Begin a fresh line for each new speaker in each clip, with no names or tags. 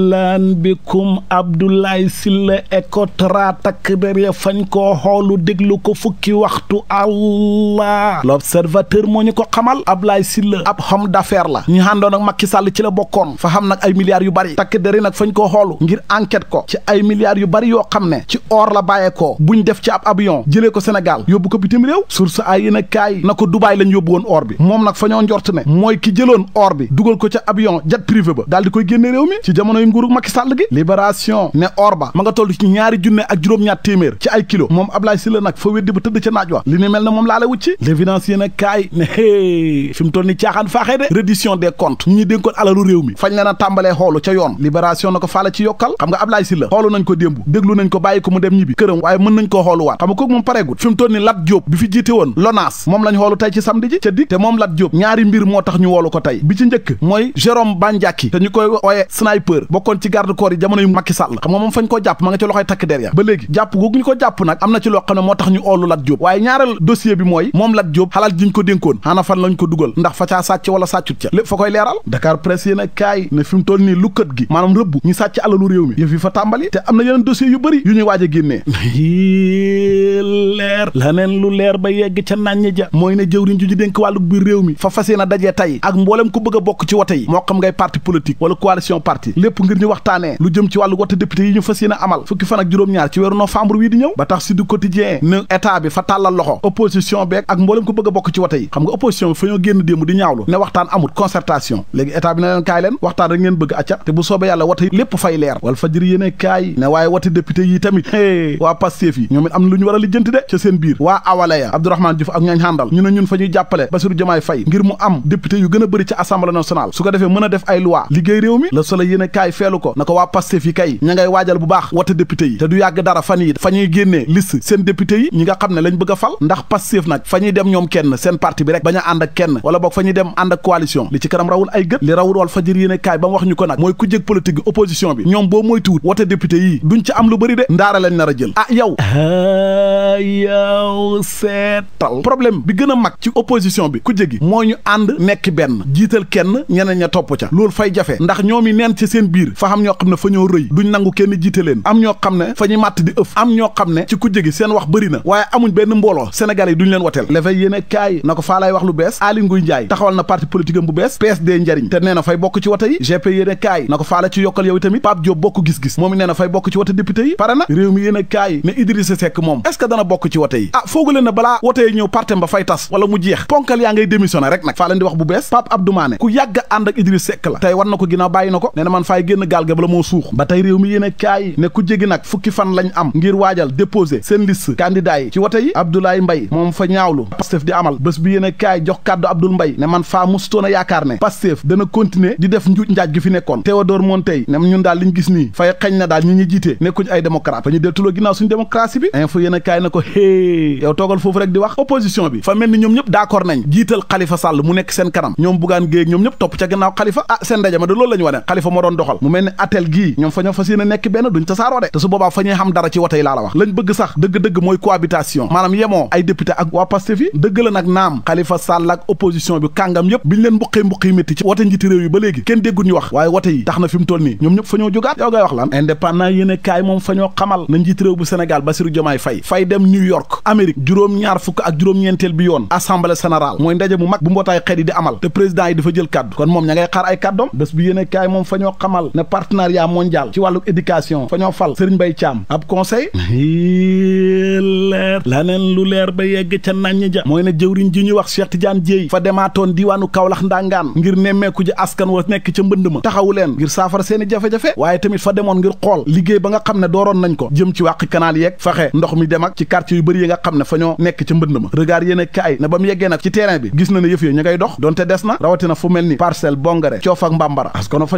ahlan bikum Abdoulaye Sylla Ecotra takk der ya fañ koo xoolu déglu ko fukki waxtu allah l'observateur moo ñu ko xamal Abdoulaye Sylla ab homme d'affaires la ñu àndoon ak Macky Sall ci la bokkoon fa xam nag ay milliards yu bari takk der yi nag fañ koo xoolu ngir enquête ko ci ay milliards yu bari yoo xam ne ci or la bàyyeekoo buñ def ci ab avion jëlee ko Sénégal yóbbu ko bitim réew source ay yéen a kaay na ko Dubaay lañ yóbbu woon or bi moom nag fañoo ñoo njort ne mooy ki jëloon or bi dugal ko ca avion nguuru Macky Sall gi libération ne or ba ci ñaari junne ak juróom-ñaar téeméer ci ay kilo moom Ablaye Sylla nag fa weddi ba tëdd ca naaj wa li mel ne moom laala wucci l'évidence yéen a kaay ne hé fi mu ni caaxaan faaxee de reddition des comptes ñi dénkoon alalu réew mi fañ leen a tàmbalee xoolu ca yoon libération na ko faala ci yokkal xam nga Ablaye Sylla xoolu nañ ko démb déglu nañ ko bàyyi ko mu dem ñibbi këram waaye mën nañ kon ci garde corps yi jamono yu Macky Sall xam nga moom fañ koo jàpp ma nga ci loxoy takk der ya ba léegi jàpp googu ñu ko jàpp nag am na ci loo xam moo tax ñu oolu Lat ko dénkoon xana fan ko dugal ndax fa caa sàcc wala sàccut ca lépp fa koy leeral Dakar Presse yéen a kaay ne fi toll nii lukkat gi maanaam rëbb ñu sàcc alalu réew mi yëf yi fa tàmbali te am na yeneen dossier yu bëri yu ñuy waaj génnee leer laneen lu leer ba yegg ca nàññi ja mooy ne jëwriñ ju ñu dénk wàllu biir réew mi fa fas yéene dajee tey ak mboolem ku bëgg bokk ci wote yi moo xam ngay parti politique wala coalition parti lépp yëpp ngir ñu waxtaanee lu jëm ci wàllu wote député yi ñu fas yéene amal fukki fan juróom-ñaar ci weeru novembre wii di ñëw ba tax si du quotidien ne état bi fa tàllal loxo opposition beeg ak mboolem ko bëgg bokk ci wote yi xam nga opposition bi fa ñoo génn démb di ñaawlu ne waxtaan amut concertation léegi état bi na leen kaay leen waxtaan rek ngeen bëgg acca te bu soobee yàlla wote lépp fay leer wal fajiri yéene kaay ne waaye wote député Ndiaye feelu ko na ko waa Pastef yi kay ña waajal bu baax wote député yi te du yàgg dara fan yi fa ñuy génnee liste seen député yi ñi nga xam ne lañ bëgg a fal ndax Pastef nag fa ñuy dem ñoom kenn seen parti bi rek bañ a ànd kenn wala boog fa ñuy dem ànd ak li ci kanam rawul ay gët li rawul wal fajir yéene kaay ba wax ñu ko nag mooy ku jég politique gi bi ñoom boo moytuwut wote député yi duñ ci am lu bëri de ndaara lañ nar ah gën a mag ci opposition bi ku jégi moo ñu ànd nekk benn jiital kenn ñeneen ña topp ca loolu fay jafe ndax ñoom biir fa xam ñoo xam ne fa ñoo rëy duñ nangu kenn jiite leen am ñoo xam ne fa ñu màtt di ëf am ñoo xam ne ci ku jégi seen wax bëri na waaye amuñ benn mbooloo sénégalais yi duñ leen woteel lefe yéene kaay na ko faa wax lu bees Aly Ngouille Ndiaye taxawal na parti politique bu bees PSD njariñ te nee na fay bokk ci wote yi GP yéene kaay na ko faa ci yokkal yow tamit Pape Diop bokk gis-gis moom nee na fay bokk ci wote député yi pare génn gaal ga bala moo suux ba tey réew mi yéen a kaay ne ku jégi nag fukki fan lañ am ngir waajal déposer seen liste candidat yi ci wote yi Abdoulaye mbay moom fa ñaawlu Pastef di amal bés bi yéen a jox kàddu Abdoul Mbaye ne man faa musutoon a yaakaar ne Pastef dana continuer di def njuuj njaaj gi fi nekkoon Théodore Montey ne ñun daal liñ gis nii fay xañ na daal ñu ñi jiite nekkuñ ay démocrate fa ñu deltuloo ginnaaw suñu démocratie bi info yéen a ko hée yow toogal di wax opposition bi fa mel ni ñoom ñëpp d'accord nañ jiital Khalifa Sall mu nekk seen kanam ñoom bugaan géeg ñoom ñëpp topp ca gannaaw Khalifa ah seen ndaje ma de mu mel ni atel gii ñoom fa ñoo fas yéene nekk benn duñ tasaaroo de te su boobaa fa ñuy xam dara ci wote yi laa la wax lañ bëgg sax dëgg-dëgg mooy cohabitation maanaam yemoo ay député ak waa Pastef yi dëgg la naam Khalifa Sall ak opposition bi kàngam yëpp biñ leen mbuqee mbuqi métti ci wote njiiti yi ba léegi kenn déggu ñu wax waaye wote yi tax na fi mu toll nii ñoom ñëpp fa ñoo jógaat yow ngay wax lan indépendant yéene kaay moom fa ñoo xamal na njiiti réew bu Sénégal Bassirou Diomaye ñaar fukk ak juróom-ñeenteel bi yoon assemblée générale mooy ndaje mu mag bu mbootaay xeet yi di amal te président yi dafa jël kàddu kon na partenariat mondial ci wàllu éducation fa ñoo fal Serigne Mbaye Thiam ab conseil leer la neen lu leer ba yegg ca naññ ja mooy ne jëwriñ ji ñuy wax ti jaan jéey fa demaatoon diiwaanu Kaolack ndàngaan ngir nemmeeku ji askan wa nekk ca mbënd ma taxawu leen ngir saafara seeni jafe-jafe waaye tamit fa demoon ngir xool liggéey ba nga xam ne dooroon nañ ko jëm ci wàq kanaal yeeg faxe ndox mi dem ak ci quartier yu bëri yi nga xam ne fa ñoo nekk ca mbënd ma regard yéen kaay na ci terrain bi gis na ne yëf ngay dox donte des na rawatina fu mel ni parcelle bongare coof ak mbàmbara askan fa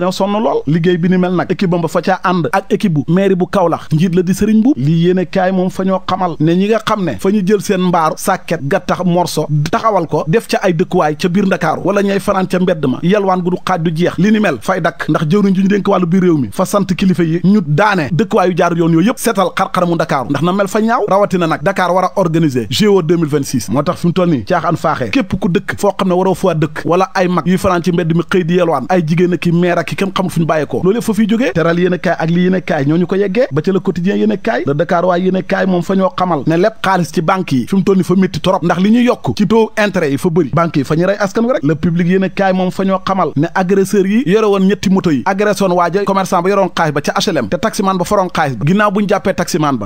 liggéey bi ni mel nag équipe ba fa caa ànd ak équipe bu mairie bu Kaolack njiit la di sëriñ bu lii yéene kaay moom fa ñoo xamal ne ñi nga xam ne fa ñu jël seen mbaaru sàkket gattax morso taxawal ko def ca ay dëkkuwaay ca biir ndakaaru wala ñay fanaan ca mbedd ma yalwaan gu xaaj du jeex li ni mel fay dakk ndax jëwriñ ju ñu dénk wàllu biir réew mi fa sant kilifa yi ñu daane dëkkuwaayu jaaru yoon yooyu yëpp seetal xar-xaramu ndakaaru ndax na mel fa ñaaw rawatina nag Dakar a organiser JO 2026 moo tax fi mu toll nii caaxaan faaxee ko loolu yëpp fa fiy jógee teral yéen a kaay ak li yéen kaay ñoo ñu ko yeggee ba ca le quotidien yéen kaay le Dakar waay yéen kaay moom fa ñoo xamal ne lépp xaalis ci banque yi fi mu fa métti torop ndax li ñu yokk ci taux intérêt yi fa bëri banque yi fa ñu rey rek le public yéen kaay moom fa ñoo xamal ne agresseur yi yore ñetti moto yi agressé woon waaja commerçant ba yoroon xaalis ba ca HLM te taximan ba foroon xaalis ba ginnaaw bu jàppee taximan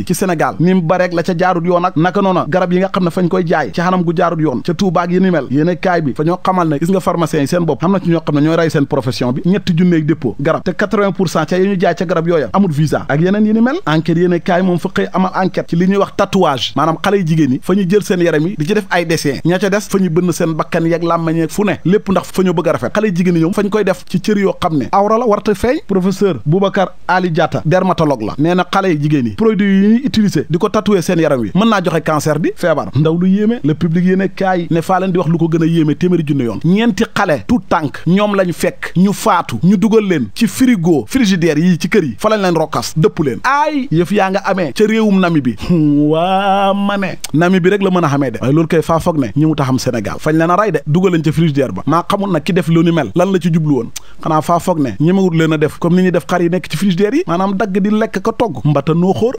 si ci Sénégal ni mu bareeg la ca jaarut yoon ak naka noona garab yi nga xam ne fañ koy jaay ci xanam gu jaarut yoon ca Touba yi ni mel yéene kaay bi fa ñoo xamal ne gis nga pharmacien yi seen bopp xam na ci ñoo xam ne ñooy rey seen profession bi ñetti junneeg dépôt garab te ca yi ñu jaay ca garab yooya amul visa ak yeneen yi ni mel enquête yéene kaay moom fa xëy amal enquête ci li ñuy wax tatouage maanaam xale yi jigéen yi fa ñu jël seen yaram a rafet la warta feeñ professeur Boubacar Ali Diatta dermatologue ñuy utiliser di ko tatouer seen yaram wi mën naa joxe cancer bi feebar ndaw lu yéeme le public yéene kaay ne faa leen di wax lu ko gën a yéeme téeméeri junni yoon ñeenti xale tout tànk ñoom lañ fekk ñu faatu ñu dugal leen ci frigo frigidaire yii ci kër yi fa lañ leen rokkas dëpp leen aay yëf yaa nga amee ca réewum nami bi waa ma ne nami bi rek la mën a xamee de waaye loolu koy faa foog ne ñi mu taxam Sénégal fañ leen a rey de dugal leen ci jublu a def